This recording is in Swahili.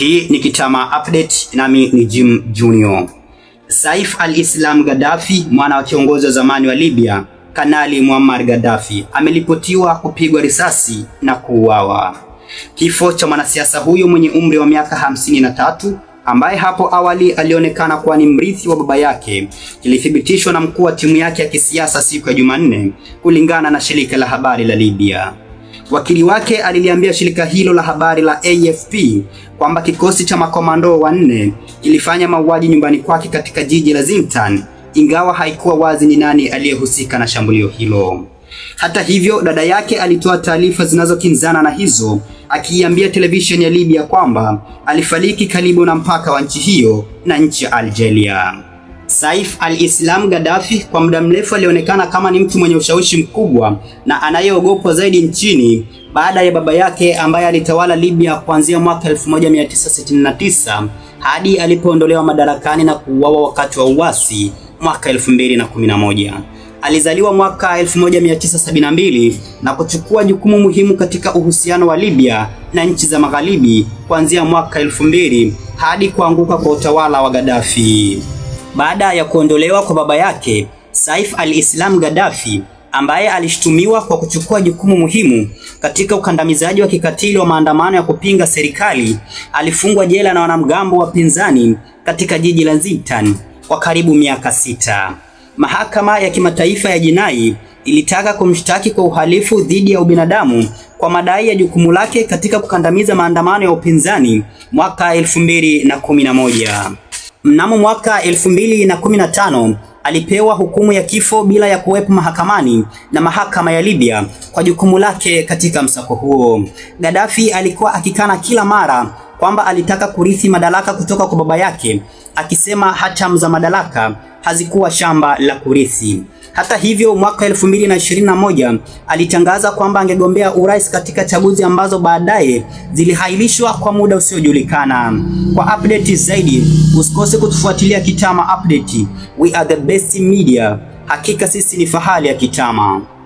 Hii ni Kitama Update, nami ni Jim Junior. Saif al-Islam Gaddafi, mwana wa kiongozi wa zamani wa Libya Kanali Muammar Gaddafi, ameripotiwa kupigwa risasi na kuuawa. Kifo cha mwanasiasa huyo mwenye umri wa miaka hamsini na tatu ambaye hapo awali alionekana kuwa ni mrithi wa baba yake kilithibitishwa na mkuu wa timu yake ya kisiasa siku ya Jumanne, kulingana na shirika la habari la Libya. Wakili wake aliliambia shirika hilo la habari la AFP kwamba kikosi cha makomando wanne kilifanya mauaji nyumbani kwake katika jiji la Zintan, ingawa haikuwa wazi ni nani aliyehusika na shambulio hilo. Hata hivyo, dada yake alitoa taarifa zinazokinzana na hizo, akiiambia televisheni ya Libya kwamba alifariki karibu na mpaka wa nchi hiyo na nchi ya Algeria. Saif al-Islam Gaddafi kwa muda mrefu alionekana kama ni mtu mwenye ushawishi mkubwa na anayeogopwa zaidi nchini baada ya baba yake ambaye alitawala Libya kuanzia mwaka 1969 hadi alipoondolewa madarakani na kuuawa wakati wa uasi mwaka 2011. Alizaliwa mwaka 1972 na kuchukua jukumu muhimu katika uhusiano wa Libya na nchi za Magharibi kuanzia mwaka 2000 hadi kuanguka kwa utawala wa Gaddafi baada ya kuondolewa kwa baba yake Saif al-Islam Gaddafi ambaye alishtumiwa kwa kuchukua jukumu muhimu katika ukandamizaji wa kikatili wa maandamano ya kupinga serikali, alifungwa jela na wanamgambo wapinzani katika jiji la Zitan kwa karibu miaka sita. Mahakama ya Kimataifa ya Jinai ilitaka kumshtaki kwa uhalifu dhidi ya ubinadamu kwa madai ya jukumu lake katika kukandamiza maandamano ya upinzani mwaka 2011. Mnamo mwaka 2015 alipewa hukumu ya kifo bila ya kuwepo mahakamani na mahakama ya Libya kwa jukumu lake katika msako huo. Gaddafi alikuwa akikana kila mara kwamba alitaka kurithi madaraka kutoka kwa baba yake, akisema hatamza madaraka hazikuwa shamba la kurithi. Hata hivyo, mwaka 2021 alitangaza kwamba angegombea urais katika chaguzi ambazo baadaye zilihailishwa kwa muda usiojulikana. Kwa update zaidi, usikose kutufuatilia Kitama Update. We are the best media. Hakika sisi ni fahali ya Kitama.